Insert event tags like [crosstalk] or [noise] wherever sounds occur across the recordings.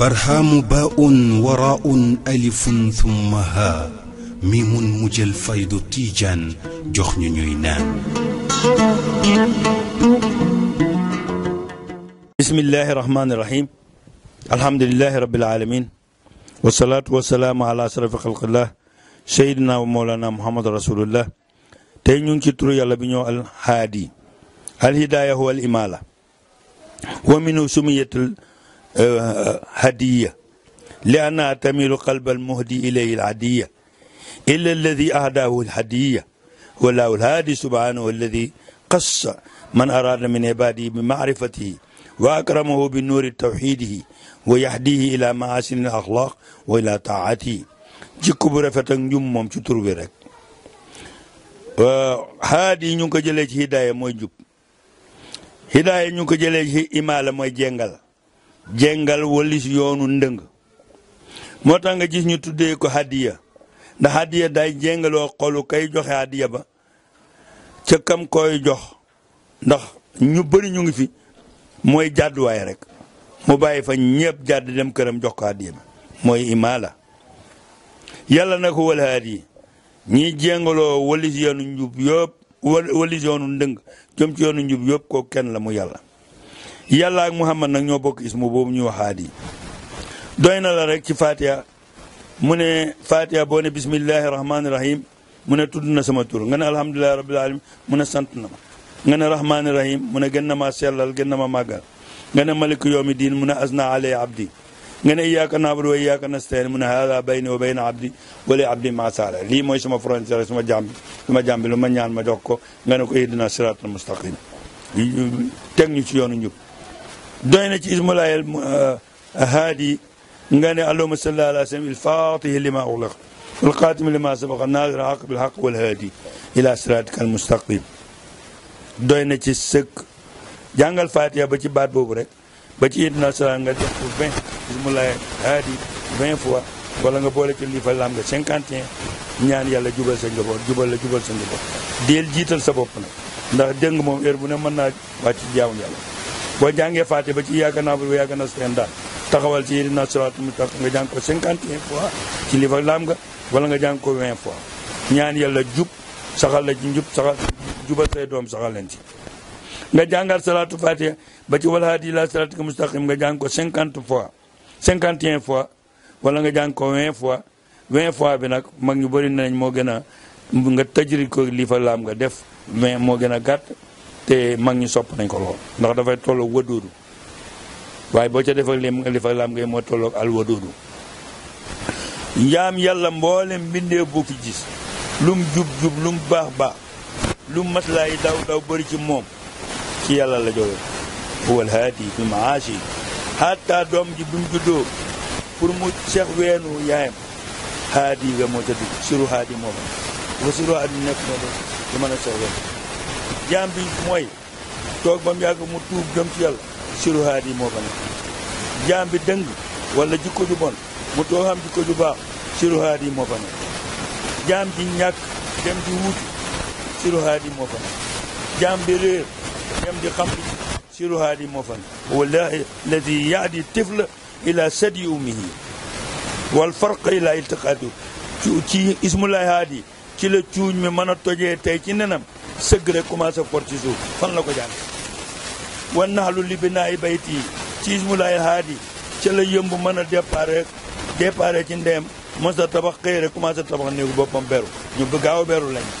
برهام باء وراء ألف ثم ها ميم مجل فيض تيجان جخن نينان بسم الله الرحمن الرحيم الحمد لله رب العالمين والصلاة والسلام على أشرف خلق الله سيدنا ومولانا محمد رسول الله tey ñu ci turu yàlla bi ñoo al haadi al huwa al imala wa hadiya لأنها تميل قلب المهدي إليه العدية إلا الذي أهداه الحدية والله الهادي سبحانه الذي قص من أراد من عباده بمعرفته وأكرمه بنور توحيده ويهديه إلى محاسن الأخلاق وإلى طاعته جكبر فتنجم ممشتر برك Euh, haadi ñu ngi ko jëlee ci hidaaya mooy jub hidaaya ñu ko jëlee ci imaala mooy jengal jengal walis yoonu ndëng moo tax nga gis ñu tuddee ko hadiya ndax hadiya day jengaloo xolu kay joxe hadiya ba ca kam koy jox ndax ñu bari ñu ngi fi mooy jàdduwaay rek mu bàyyi fa ñëpp jàdd dem këram jox ko hadiya ba mooy imaala yàlla na ko wal haadi ñiy jéngaloo walis yoonu njub yëpp walis yoonu ndëng jëm ci yoonu njub yëpp kooku kenn la mu yàlla yàlla ak muhammad nag ñoo bokk ismu boobu ñuy waxaat yi doy na la rek ci fatiha mu ne fatiha boo ne bismillahi rahmaani rahim mu ne tudd na sama tur nga ne alhamdulilahi rabbil alamin mu ne sant na ma nga ne rahmaani rahim mu ne gën na maa sellal gën na ma màggal nga ne maliku yawmi diin mu ne asna abdi nga ne iyyaka na'budu wa iyyaka nasta'in mu ne hada bayni wa bayna abdi wa li abdi ma saala lii mooy sama frontière sama jàmbi sama jàmbi lu ma ñaan ma jox ko nga ne ko ihdina siratal mustaqim teg ñu ci yoonu njub doy na ci ismulayel uh, haadi nga ne allahumma salli ala sallam il fatihi lima ughliq wal xaatimi lima sabaqa naasiril haqq bil haqq wal haadi ila siratikal mustaqim doy na ci sëkk jàngal fatiha ba ci baat boobu rek ba ci ihdina siraat nga def ko mulai haadi 20 fois wala nga boole ci liifa lam nga 51 ñaan yàlla jubal sa njaboot jubal la jubal sa njaboot deel jiital sa bopp nag ndax dëng moom heure bu ne mën naa wàcc jaamu yàlla boo jàngee fàtte ba ci yàgg naa bu yàgg na seen taxawal ci yéri na mu tax nga jàng ko 51 fois ci liifa lam nga wala nga jàng ko 20 fois ñaan yàlla jub saxal la ci njub saxal jubal say doom saxal leen ci nga jàngal salatu fatiha ba ci wala hadi la salatika mustaqim nga jàng ko 50 fois cinquante et fois wala nga jàng ko vingt fois vingt fois bi nag mag ñu bëri nañ moo gën a nga tajri ko lii fa laam nga def vingt moo gën a gàtt te mag ñu sopp nañ ko lool ndax dafay tolloog waduudu waaye boo ca defal li fa laam ngay moo tolloog al waduudu njaam yàlla mboolem mbindee bu fi gis lum jub jub lum baax baax lum maslaa yi daw daw bëri ci moom ci yàlla la jóge huwa alhaadi fi maasi xatta doom ji bi mu juddoo pour mu seex weenu yaayam haadi nga moo ca dugg siru haadi moo fa dafa siru a seex ween jaam bi mooy toog ba mu yàgg mu tuub jëm ci yàlla siru haadi moo fa nekk jaam bi dëng wala jikko ju bon mu toog xam jikko ju baax siru haadi moo fa jaam bi ñàkk dem di wuuti siru haadi moo fa jaam bi réer dem di xam يبشرها للمفن والله الذي يعدي الطفل الى ثدي امه والفرق الى التقاته تي اسم الله هادي تي لا تيوج مي مانا توجي تاي تي ننام سغ ري كوماسا فورتيزو فان لاكو جان ونهل لبناء بيتي تي اسم الله هادي تي لا يمب مانا ديبار ديبار تي ندم موسى تبخ خير كوماسا تبخ نيو بوبام بيرو ني بغاو بيرو لاني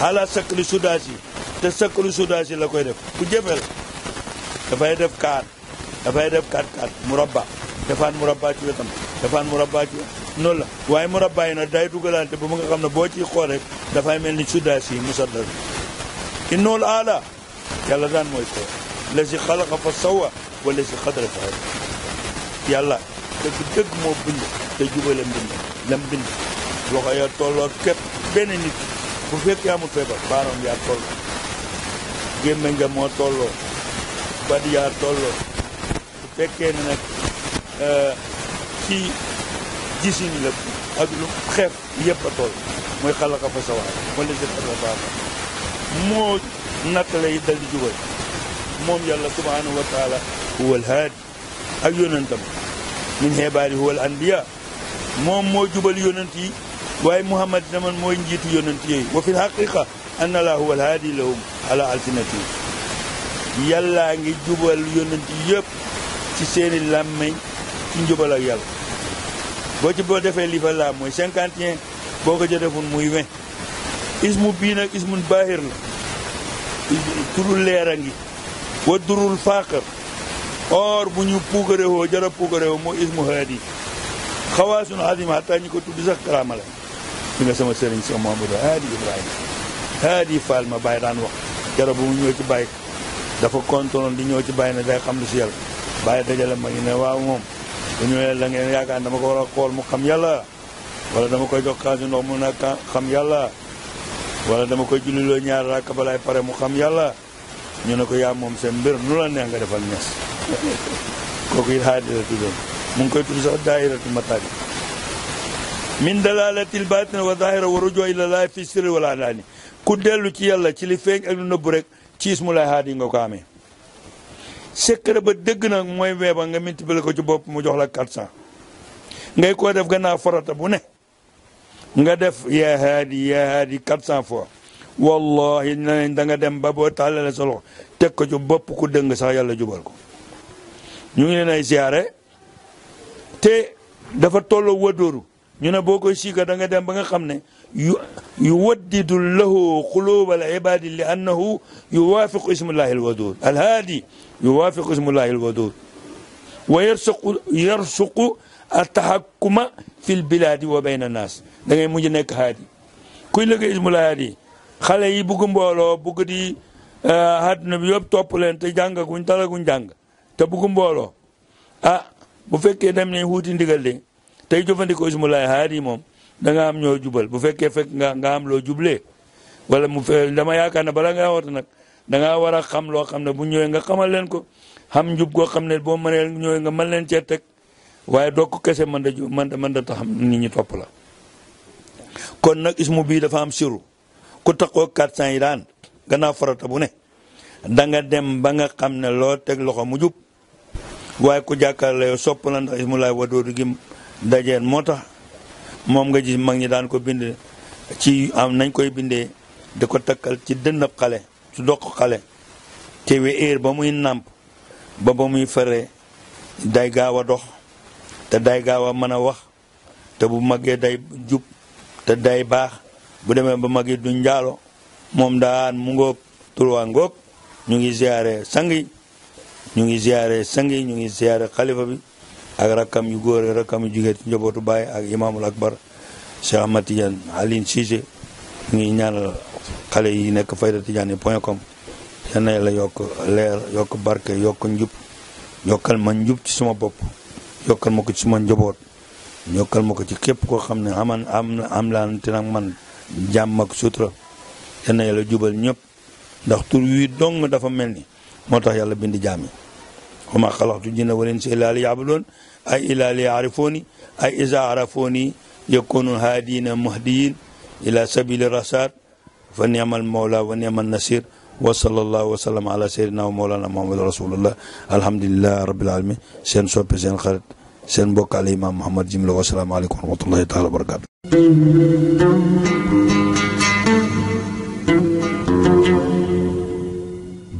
هلا سكل سوداسي تسكل سوداسي لاكو ديف بو جيبل دفعي دف كار دفعي دف كار كار مربع دفان مربع شو يتم دفان مربع شو نولا واي مربع هنا داي دوغلا انت بمك كم نبوتي خورك دفعي من نشو داسي مصدر إنه الآلة يلا دان مويته الذي خلق فصوى والذي خدر فهد يلا تجد مو بند تجيبه لم بند لم بند لو هيا تولو كيف بين نيت بفيك يا متفبر بارون يا تولو جيم منجا مو تولو badiyaa tolloo bu fekkee ne nag ci gisin la ak lu xeeb yëpp a toll mooy xalaka fa sawaay wala jël xalaka baaxa moo natt lay dal di jubal moom yàlla subhanahu wa taala huwa alhaadi ak yonentam min xeebaari huwa al anbiya moom moo jubal yonent yi waaye muhammad naman mooy njiitu yonent yooyu wa fi l haqiqa anna laa huwa alhaadi lahum ala alsinatihim yalla ngi jubal yonent yëpp ci seeni làmmiñ ci njubal ak yalla bo ci bo defé li fa la moy 51 boko jé boo muy ismu bi nak ismun bahir la turul leer ngi wa durul faqir or buñu ñu ho jara puukarewoo mo ismu hadi khawasun hadi xataa ñi ko tudd sax karaama la sama serigne si Mamadou hadi ibrahim hadi Fall ma wax jara bu ñu ci bàyyi dafa kontrol di ñëw ci bayina day xam lu si yàlla bàyyi dajale ma ñu ne waaw mom bu ñëwee yalla ngeen yaaka dama ko wara xol mu xam yalla wala dama koy jox kaaju no mu nekk xam yalla wala dama koy lo ñaar rak balaay pare mu xam yalla ñu ne ko ya mom seen mbir nu la neex nga defal ñes [laughs] ko it haadi tu do mu ngi koy tuddu sax daayiratu matabi min dalalati lbatina wa zahira wa rujoo ila laay fi sirri wala alaani ku delu ci yalla ci li feeñ ak lu nëbb rek mu la haadi yi nga ko ame amee secret ba dëgg nag mooy weeba nga multiplier ko ci bopp mu jox la 400 ngay ko def gannaaw farata bu ne nga def yaa haadi yaa haadi 400 fois wallahi na da nga dem ba boo tàllale sa loxo teg ko ci bopp ku dëng sax yàlla jubal ko ñu ngi leen ay siyaare te dafa tolloo wadóoru ñuna boko sika da nga dem ba nga xamne yu yuwaddidu lahu qulub al ibad li annahu yuwafiq ism allah al wadud al hadi yuwafiq ism allah al wadud wa yarsuq yarsuq al tahakkuma fi al bilad wa bayna nas da ngay muju nek hadi kuy ism allah hadi xale yi bugu mbolo bugu di àdduna bi yëpp top len te jang jàngaguñ talaguñ jàng te bugu mbolo ah bu fekke dem ne huti ndigal de tay jëfandikoo ismu laay hari moom da nga am ñoo jubal bu fekkee fekk nga nga am loo jublé wala mu fe dama yaakaar ne bala ngaa woote nag da ngaa war a xam loo xam ne bu ñëwee nga xamal leen ko xam njub goo xam ne boo mënee nga mën leen cee teg waaye doo ko kese mën da mën da mën da tax nit ñi topp la. kon nag ismu bii dafa am siru ku taxoo 400 yi daan farata bu ne da nga dem ba nga xam ne loo teg loxo mu jub waaye ku jàkkaarloo yow sopp la ndax ismu laay gi dajeel moo tax moom nga ji mag ñi daan ko bind ci am nañ koy bindee di ko takkal ci dëndab xale su doq xale te we éer ba muy nàmp ba ba muy fëree day gaaw a dox te day gaaw a mën a wax te bu màggee day jub te day baax bu demee ba màggee du njaalo moom daan mu ngóog turwaa ngóog ñu ngi ziyaare sang yi ñu ngi ziyaare sang yi ñu ngi ziyaare xalifa bi ak rakkam yu góor ak rakkam yu jigéen ci njabootu Baye ak imaamul akbar Cheikh Ahmad Tidiane Aline Cissé ngi ñaanal xale yi nekk fayda tidiane point com yal na yokk leer yokk barke yokk njub yokkal ma njub ci suma bopp yokkal ma ko ci suma njaboot yokkal ma ko ci képp koo xam ne aman am am laante nag man jàmm ak sutura yal na jubal ñëpp ndax tur wi dong dafa mel ni moo tax yàlla bindi jaam وما خلقت الجن والإنس إلا ليعبدون أي إلا ليعرفوني أي إذا عرفوني يكونوا هادين مهديين إلى سبيل الرشاد فنعم المولى ونعم النصير وصلى الله وسلم على سيدنا ومولانا محمد رسول الله الحمد لله رب العالمين سين سوب سين خالد سين بوك على الإمام محمد جميل والسلام عليكم ورحمة الله تعالى وبركاته